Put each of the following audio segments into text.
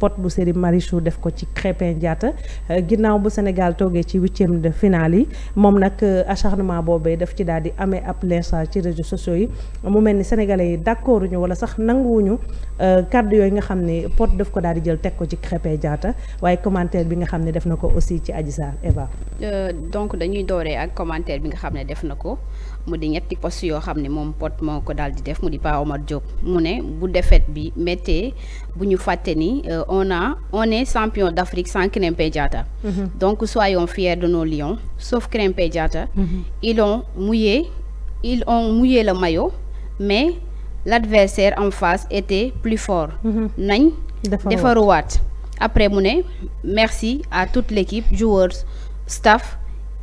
pot bu série Marichou def ko ci Krépin jaata euh, ginnaaw bu Sénégal toogee ci huitième de finale yi moom nag euh, acharnement boobee def ci daal di amee ab lynchage ci réseaux sociaux yi mu mel ni sénégalais yi d'accord ñu wala sax nanguwuñu euh, kàddu yooyu nga xam ne pot def ko daal di jël teg ko ci Krépin jaata waaye commentaire bi nga xam ne def na ko aussi ci Adji Sarr Eva. donc dañuy dooree ak commentaire bi nga xam ne def na ko. mu di ñetti poste yoo xam ne moom pot moo ko daal di def mu di Pa Omar Diop mu ne bu défaite bi méttee bu fàtte ni euh, on a on est champion d'Afrique sans Krépin Diatta mm -hmm. donc soyons fiers de nos lions sauf Krépin Diatta mm -hmm. ils ont mouillé ils ont mouillé le maillot mais l'adversaire en face était plus fort mm-hmm. nañ defaruwaat après mu ne merci à toute l'équipe joueurs staff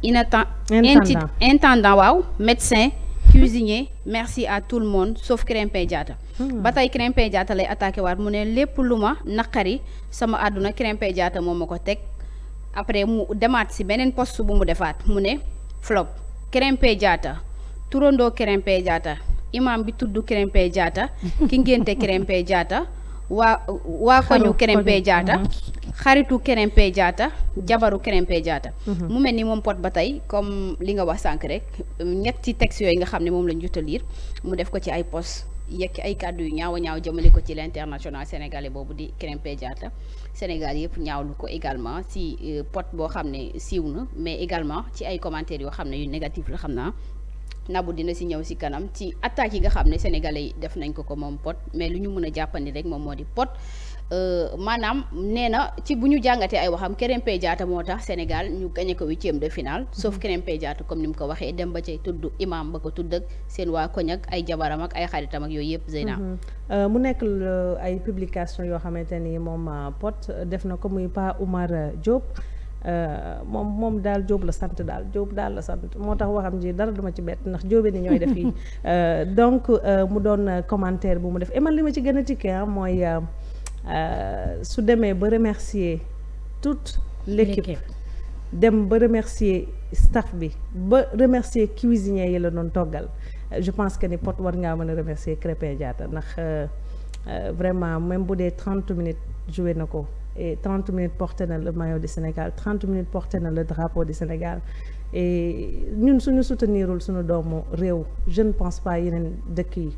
inattend intendant waaw médecin cuisinier merci à tout le monde sauf Krépin Diatta hmm. ba tey Krépin Diatta lay attaqué waat mu ne lépp lu ma naqari sama àdduna Krépin Diatta moo ma ko teg après mu demaat si beneen poste bu mu defaat mu ne flop Krépin Diatta turandoo Krépin jaata imam bi tudd Krépin Diatta ki ngénte Krépin Diatta waa waa koñu Krépin Diatta hmm. xaritu Krépin jaata jabaru Krépin Diatta mhm. mu mel ni moom pot ba tey comme li nga wax sànq rek ñett ñetti textes yooyu nga xam ne moom lañ jot a liir mu def ko ci ay post yekk ay kàddu yu ñaaw a ñaaw jëmale ko ci l'international sénégalais boobu di Krépin Diatta Sénégal yëpp ñaawlu ko également si euh, Pod boo xam ne siiw na mais également ci ay commentaires yoo xam ne yu négatif la xam naa nabu dina si ñëw si kanam ci attaques yi nga xam ne sénégalais yi def nañ ko ko moom Pod mais lu ñu mën a jàppandi rek moom moo di Pod Euh, maanaam nee na ci bu ñu jàngatee ay waxam Krépin Diatta moo tax Sénégal ñu gagné ko huitième de finale mm-hmm. sauf Krépin Diatta comme ni mu ko waxee dem ba cay tudd imam ba ko tudd seen waa koñ ak ay jabaram ak ay xaritam ak yooyu yëpp Zeyna mm-hmm. euh, mu nekk euh, ay publication yoo xamante ni moom pot def na ko muy Pa Oumar Diop moom moom daal Diop la sant daal Diop daal la sant moo tax waxam ji dara duma ci bett ndax jóobee ni ñooy def yi donc mu doon commentaire bu mu def man li ma ci gën a tikkee mooy Euh, su demee ba remercier tout l'équipe dem ba remercier staff bi ba remercier cuisiniers yi la doon toggal je pense que ni pot war ngaa mën a remercier Krépin Diatta ndax euh, euh, vraiment même bu dee trente minutes joué na ko et trente minutes porté na le maillot du Sénégal trente minutes porté na la drapeau du Sénégal e ñun suñu soutenirul suñu doomu réew je ne pense pas yeneen dëkk yi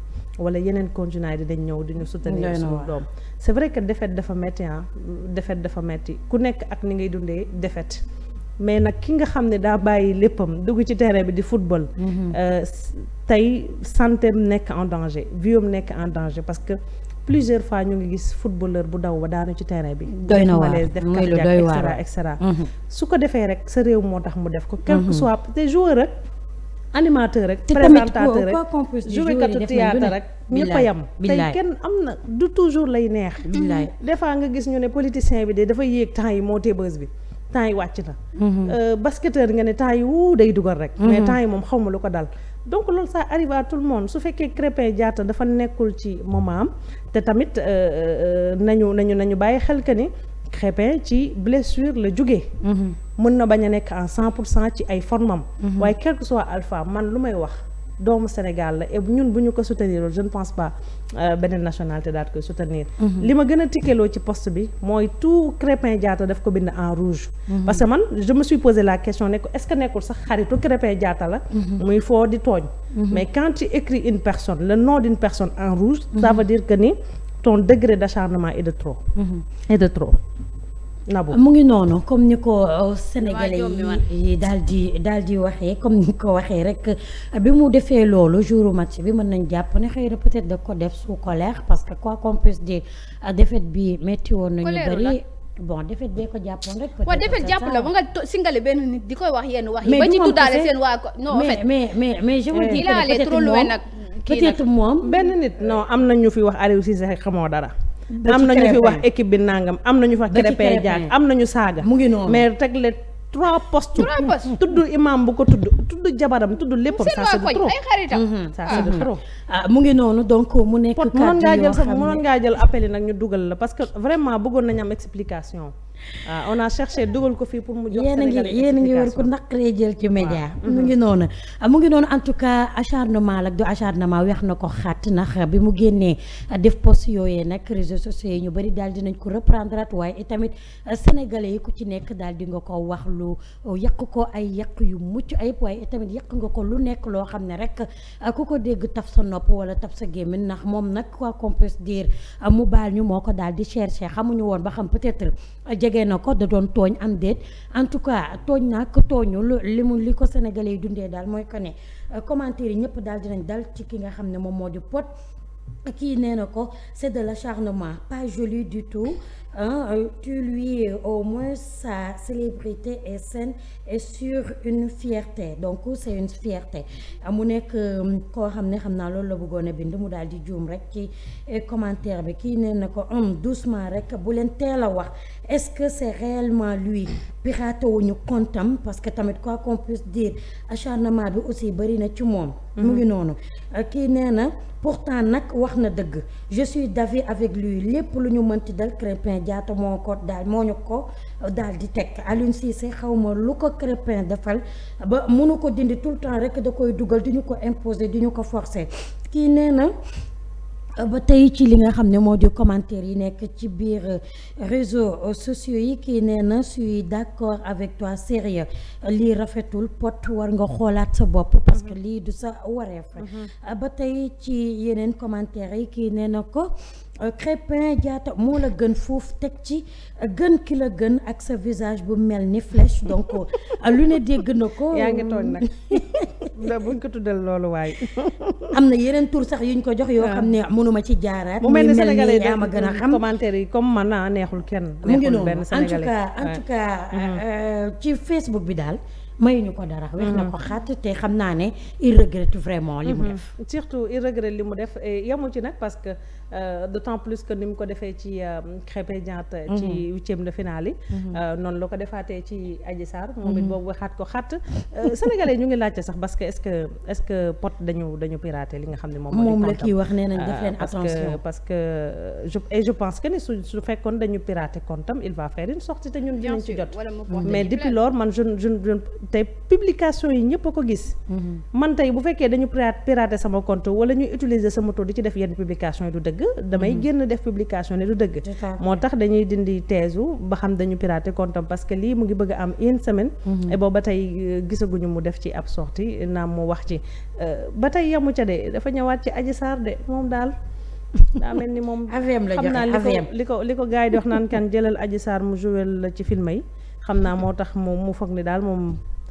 wala yeneen conjoints yi dañ ñëw di ñu soutenir suñu doom c'est vrai que défaite dafa metti ah défaite dafa metti ku nekk ak ni ngay dundee défaite mais nag ki nga xam ne daa bàyyi léppam dugg ci terrain bi di football mhm. euh, tey santé am nekk en danger vie am nekk en danger parce que plusieurs fois ñu ngi gis footballeur bu daw wa daanu ci terrain bi doy na waar def cardiaque et cetera et mhm. su ko defee rek sa réew moo tax mu def ko quel que mhm. animateur rek présentateur rek jouekatu théâtre rek ñëpp a yem tey kenn am na du toujours lay neex mm-hmm. des fois nga gis ñu ne politicien bi de dafa yéeg temps yi moo tebeuse bi temps yi wàcc na mm-hmm. euh, basketteur nga ne temps yi wuu day dugal rek mm-hmm. mais temps yi moom xaw ma lu ko dal donc loolu sa arrive à tout le monde su fekkee Krépin Diatta dafa nekkul ci moment te tamit euh, euh, nañu nañu nañu bàyyi xel que ni Krépin ci blessure la jóge mhm. mën na bañ a nekk en cent pour cent ci ay formam mhm. waaye quel que soit alpha man lu may wax doomu Sénégal la et ñun bu ñu ko soutenir je pense pas euh, beneen nationalité daal koy soutenir mhm. li ma gën a tikkeloo ci poste bi mooy tout Krépin Diatta daf ko bind en rouge parce que man je me suis posé la question ne ko nekkul sax xaritu Krépin Diatta la muy foo di tooñ mais quand tu une personne le nom d'une personne en rouge ça veut ton degré d'acharnement est de trop. Mm-hmm. est de trop. Nabou mu ngi noonu comme ni ko euh, sénégalais yi daal di daal di waxee comme ni ko waxee rek bi mu defee loolu jouru match bi mën nañ jàpp ne xëy na peut-être da ko def sous colère parce que quoi qu'on puisse dire euh, bi metti woon nañu bari bon bee ko jàppoon rek. peut jàpp la ba nga singale benn nit di koy wax yenn wax yi. ba ci tuddaale seen waa ko non en fait mais mais mais je vous trop loin peut-être moom benn nit non am na ñu fi wax Aliou Cissé xamoo dara. am na ñu fi wax équipe bi nangam am na ñu fi wax. Krépin am na ñu saaga. mu ngi noonu mais teg le trois postes. trois tudd imam bu ko tudd tudd jabaram tudd lépp ça c'est de trop ay xaritam. Ah. Ah, mu ngi noonu donc mu nekk. kàddu yoo xam ne mënoon ngaa jël sax mënoon ngaa jël appel nag ñu dugal la parce que vraiment bëggoon nañu am explication. waaw ah, on a cherché dugal ko fii pour mu jox yéen a ngi yéen a ngi wër ku naqaree jël ci média mu ngi noonu ah, mu ngi noonu en tout cas acharnement lak du acharnement weex na ko xat ndax bi mu génnee ah, def post yooyee nag réseaux sociaux yi ñu bëri daal dinañ ko reprendre at waaye itamit sénégalais yi ku ci nekk daal di nga ko wax lu oh, yàq ko ay yàq yu mucc ayib waaye itamit yàq nga ko lu nekk loo xam ne rek ku ko dégg taf sa nopp wala taf sa gémmiñ nax moom nag quoi qu'on peut dire mu baal ñu moo ko daal di cherché xamuñu woon ba xam peut-être jege na ko da doon tooñ am déet en tout cas tooñ nag tooñul li mu li ko sénégalais dundee daal mooy que ne euh, commentaire yi ñëpp daal nañ dal ci ki nga xam ne moom moo di Pod kii nee na ko c'est de l'acharnement pas joli du tout hein, euh, que lui, euh, au moins, sa célébrité est saine et sur une fierté donc c'est une fierté mu nekk euh, koo xam ne xam naa loolu la bëggoon a bind mu daal di juum rek ci commentaire bi kii nee na ko am doucement rek bu leen teel a wax est-ce que c'est réellement lui piraté wuñu kontam parce que tamit quoi qu'on puisse dire acharnement bi aussi bëri na ci moom mu ngi mhm. noonu kii nee na pourtant nag wax na dëgg je suis d'avis avec lui lépp lu ñu mënti dal Krépin jaata moo ko daal moo ñu ko daal di teg Aliou Cissé xaw ma lu ko Crépin defal ba mënu ko dindi tout le temps rek da koy dugal di ñu ko imposer du ñu ko forcer kii nee na. ba tey ci li nga xam ne moo di commentaire yi nekk ci biir euh, réseaux euh, sociaux yi kii nee na suis d'accord avec toi sérieux lii rafetul pot war nga xoolaat sa bopp parce que mm-hmm. lii du sa wareef mm-hmm. ba tey ci yeneen commentaire yi kii nee na ko Euh, Crépin Diatta moo la gën foofu teg ci euh, gën ki la gën ak sa visage bu mel ni flèche donc euh, lu ne dégg na ko. yaa ngi tooñ nag ndax buñ ko tuddal loolu waaye. am na yeneen tur sax yuñ ko jox yoo xam ne ah. mënuma ci jaaraat. mu mel ni sénégalais yaa ma gën a xam commentaire yi comme man naa ah, neexul kenn. neexul benn sénégalais en tout cas en tout cas mm-hmm. ci bi daal. mayuñu ko dara. wex na ko mm-hmm. xàtt te xam naa ne il vraiment li mu mm-hmm. def. surtout il regrette li mu def yemul ci nag parce que. Euh, d'autant plus que ni mu ko defee ci euh, Krépin Diatta mhm. ci huitième de finale yi mhm. euh, noonu la ko defaatee ci Adji Sarr mhm. moom it boobu waxaat ko xatt sénégalais ñu ngi laajte sax parce que est-ce est pot dañu dañu piraté li nga xam ne moom moom wax nee nañ def leen attention parce que je et je pense que ni su su fekkoon dañu piraté comptam il va faire une te ñun dinañ ci jot mais depuis lors man je je tey publication yi ñëpp a ko gis man tey bu fekkee dañu piraté sama compte wala ñuy utiliser sama tur ci def yenn publication yi du dëgg dëgg damay mhm. génn def publication ne du dëgg moo tax dañuy dindi teesu ba xam dañu piraté compte am parce que lii mu ngi bëgg a am une semaine mhm. et boobu ba tey euh, gisaguñu mu def ci ab sortie naam mu wax ci euh, ba tey yamu ca de dafa ñëwaat ci Adji Sarr de moom daal daa mel ni moom xam naa li ko li ko li ko gars yi di wax naan kan jëlal Adji Sarr mu joué la ci film yi xam naa moo tax moom mu foog ni daal moom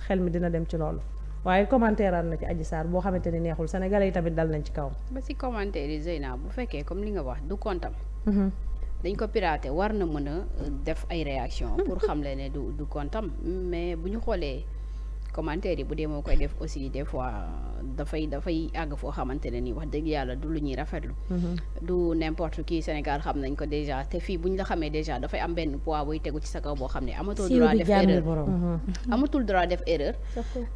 xel mi dina dem ci loolu waaye commentaire na ci Adji saar boo xamante ne neexul sénégalais yi tamit dal nañ ci kaw ba si commentaire yi Zeyna bu fekkee comme li nga wax du kontam. Mhm. dañ ko piraté war na mën a def ay réaction pour xam xamle ne du du kontam mais bu ñu xoolee. commentaire yi bu dee moo koy def aussi des fois dafay dafay àgg foo xamante ne nii wax dëgg yàlla du lu ñuy mm-hmm. ko déjà te fii bu ñu la xamee déjà am benn poids buy tegu ci sa boo xam ne amatul mm-hmm. droit def erreur amatul droit def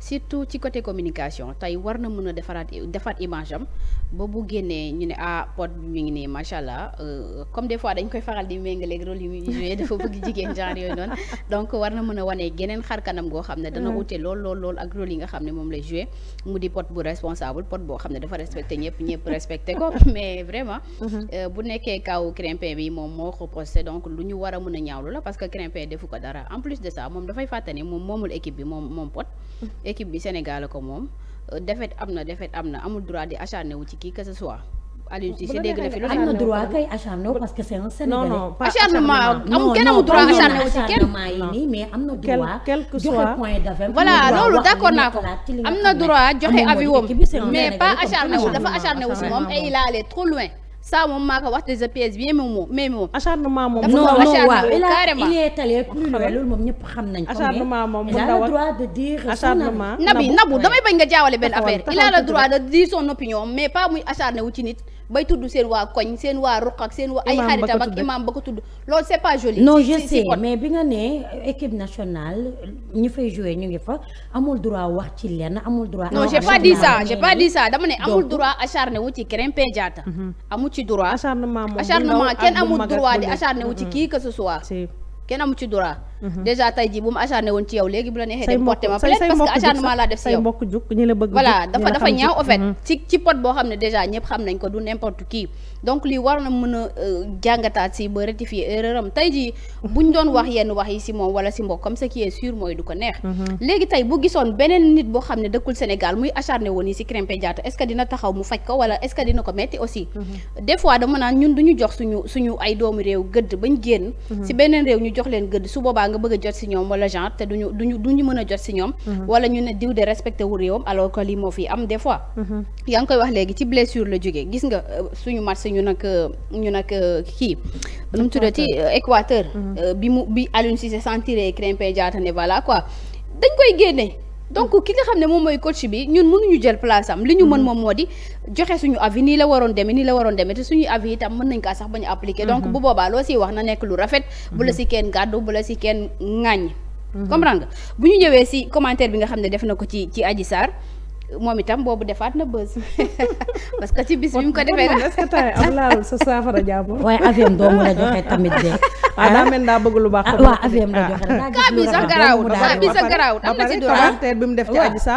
ci côté communication tey war na mën a defaraat defaat image am ba bu génnee ñu ne ah pot mi ngi nii macha allah euh, comme des fois dañ koy faral di méngaleeg rôle yu muy joué dafa bëgg jigéen genre yooyu noonu donc war na mën a geneen xar kanam goo xam ne dana mm-hmm. wute lool lool lool ak rôle yi nga xam ne moom lay joué mu di pot bu responsable pot boo xam ne dafa respecté ñëpp ñëpp respecté ko mais vraiment mhm. euh, bu nekkee kaw Krépin bi moom moo ko posté donc lu ñu war a mun a ñaawlu la parce que Krépin defu ko dara en plus de ça moom dafay fàtte ne moom moomul équipe bi moom moom pot mhm. équipe bi Sénégal ko moom euh, défaite am na défaite am na amul droit di acharné wu ci kii que ce soit Aliou Cissé dégg na fi lu acharnement amul kenn amul droit acharné aussi na droit joxe point d'avis mais pas acharné dafa acharné wu si moom trop loin ça moom maa ko wax te je bien mais moom acharnement moom nabu damay bañ nga jaawale benn affaire. il droit de dire son opinion mais pas muy acharné wu nit. bay tudd seen waa koñ seen waa ruq ak seen waa ay xaritam ak imam ba ko tudd loolu c'est pas joli non je sais mais bi nga ne euh, équipe nationale ñu fay jouer ñu ngi fa amul droit wax ci lenn amul droit non j'ai pas dit ça j'ai pas dit ça dama ne amul droit acharné wu ci Krépin Diatta mhm. amu ci droit acharnement kenn amul droit di acharné wu ci mhm. kii que ce soit ci droit Mhm. déjà tey jii bu ma acharné woon ci yow léegi bu la neexee dem porté ma plainte parce que acharnement laa def si yow mbokk jug ñi la bëgg voilà dafa dafa ñaaw au mhm. ci pot boo xam ne déjà ñëpp xam nañ ko du n'importe qui donc lii war na mën a euh, jàngataat si ba rectifier erreur am tey jii ñu doon wax yenn wax yi si moom wala si mbokk comme ce qui est sûr mooy du ko neex mhm. léegi tey bu gisoon beneen nit boo xam ne dëkkul Sénégal muy acharné woon yi si Krépin Diatta est-ce que dina taxaw mu faj ko wala est-ce que dina jox suñu suñu ay doomu réew gëdd bañ génn si beneen ñu jox leen gëdd su boobaa nga bëgg jot si ñoom wala genre te duñu duñu duñu mën a jot si ñoom mhm. wala ñu ne diw de respecté wu réewam alors que lii moo fi am des fois mhm. yaa ngi koy wax léegi ci blessure la jógee gis nga euh, suñu match ñu nag ñu nag kii nu mu tuddati euh, Équateur mhm. euh, bi mu bi Aliou Cissé sentir Krépin Diatta ne voilà quoi dañ koy génne donc ki nga xam ne moom mooy coach bi ñun munuñu jël place am li ñu mën mm-hmm. moom moo di joxe suñu avis nii la waroon deme nii la waroon demee te suñu avis itam mën nañ kaa sax bañu appliqué donc mm-hmm. bu boobaa loo siy wax na nekk lu rafet bu la mm-hmm. si kenn gàddu bu la si kenn ŋàññ comprendre nga bu ñu ñëwee si commentaire bi nga xam ne def na ko ci ci Adji Sarr moom itam boobu defaat na bës parce que ci bis bi mu ko defee est-ce que am laalul sa saafara jàmm waaye AVM doomu la joxe tamit ah, lu baax ah, waaw AVM la joxe kaa bi mu def ci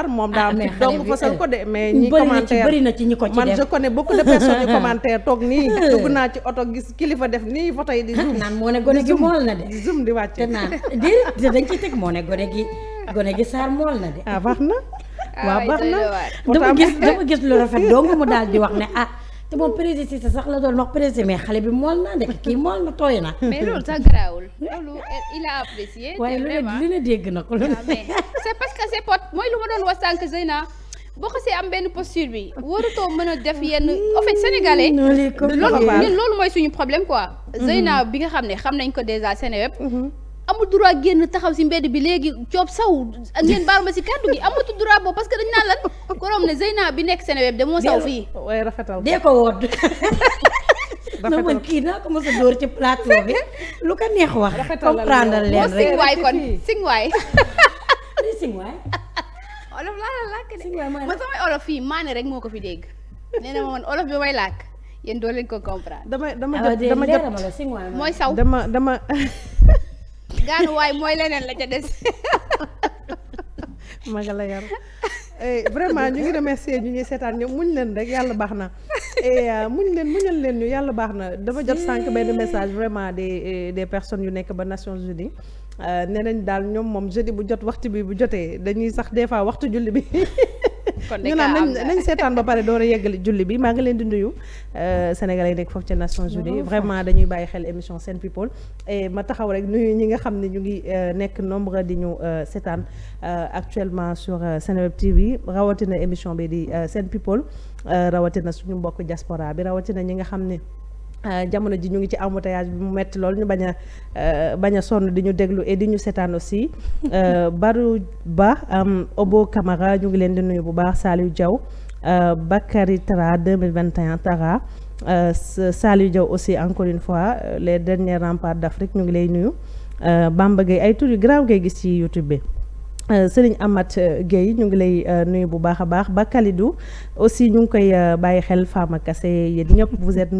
moom daa am donc fasal ko de mais gi mool na de di zoom di wàcce te naan déedéet dañ ciy teg moo na waaw baax na dama gis dama gis lu rafet dong mu daal di wax ne ah te moom président sax la doon wax président mais xale bi mool na de kii mool na tooy na. mais loolu sax garaawul. loolu lu ne dégg na ko. Ah, c'est parce que c'est pot mooy lu ma doon wax sànq Zeyna. boo xasee am benn posture bi warutoo mën a def yenn en fait sénégalais mm, loolu loolu mooy suñu problème quoi mm-hmm. Zeyna bi nga xam ne xam nañ ko déjà Sénégal mm-hmm. amul droit génn taxaw si mbedd bi léegi coob saw ak ngeen baal ma si kàddu gi amatu droit boobu parce que dañ naan lan korom ne Zeyna bi nekk Seneweb de moo saw fii waaye rafetal dee ko wodd na man kii naa ko mos a wax comprendre leen rek sing waay kon sing waay sing waay olof laa la làkk de man rek moo ko fi dégg nee na ma man olof bi may làkk yéen mooy saw dama dama gaanuwaay mooy leneen la ca des. maga la yar eh, vraiment ñu ngi remercier ñu ñuy seetaan ñoom muñ leen rek yàlla baax na eh, ah, muñ leen muñal leen ñu yàlla baax na dafa jot sànq benn message vraiment des eh, des personnes yu nekk ba Nations Unies ah, nee nañ daal ñoom moom jeudi bu jot waxtu bi bu jotee dañuy sax des fois waxtu julli bi ñu naan nañ seetaan ba pare door a yeggali julli bi maa ngi leen di nuyu euh, sénégalais yi nekk foofu ci Nations Unies vraiment dañuy bàyyi xel émission Sen People et ma taxaw rek nuyu ñi nga xam ne ñu ngi euh, nekk nombre di ñu euh, seetaan actuellement sur Seneweb TV rawatina émission bi di Sen People rawatina suñu mbokk jaspora bi rawatina ñi nga xam ne Euh, jamono ji ñu ngi ci embouteillage bi mu metti loolu ñu baña a euh, bañ a sonn di ñu déglu et di ñu seetaan aussi euh, Barou Ba Obo Camara ñu ngi leen di nuyu bu baax Saliou Diaw Bakary Tara 2021 Tara Saliou Diaw aussi encore une fois les derniers remparts d'Afrique ñu ngi lay nuyu Bamba Gueye ay tur yu garaaw gis ci YouTube bi Sëriñ Amat Gueye ñu ngi lay nuyu bu baax a baax ba Kalidou aussi ñu ngi koy bàyyi xel Fama Kassé yéen ñëpp vous êtes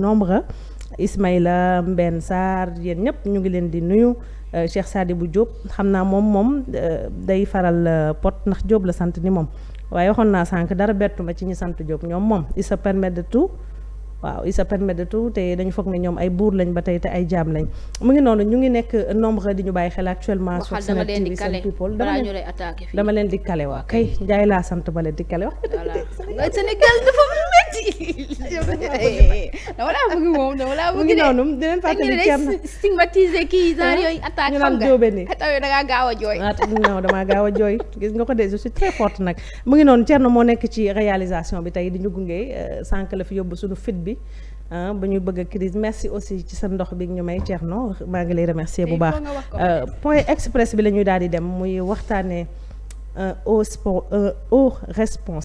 Ismaïla Mbène Sarr yéen ñëpp ñu ngi leen di nuyu euh, Cheikh bu jóg xam naa moom moom euh, day faral euh, pot ndax Diop la sant ni moom waaye waxoon naa sànq dara bettu ci ñu sant Diop ñoom moom il se permet de tout waaw il se permet de tout te dañu foog ne ñoom ay buur lañ ba tey te ay jaam lañ mu ngi noonu ñu ngi nekk nombre di ñu bàyyi xel actuellement sur Sen TV Sen People dama leen di kale waa kay njaay laa sant ba di kale wax Sénégal dafa metti mu ngi noonu di leen fàttali kii genre ah, yooyu attaque xam nga jóobe ni taw da gaaw a jooy ah, non damaa gaaw a jooy gis nga ko de je suis très forte nag mu ngi noonu Thierno moo nekk ci réalisation bi tey di ñu gunge euh, sànq la fi yóbbu suñu fit bi bi ah, ba ñu bëgg a crise merci aussi ci sa ndox bi ñu may Thierno maa ngi lay remercier bu baax euh, point express bi la ñuy daal di dem muy waxtaanee euh, au sport euh, au respons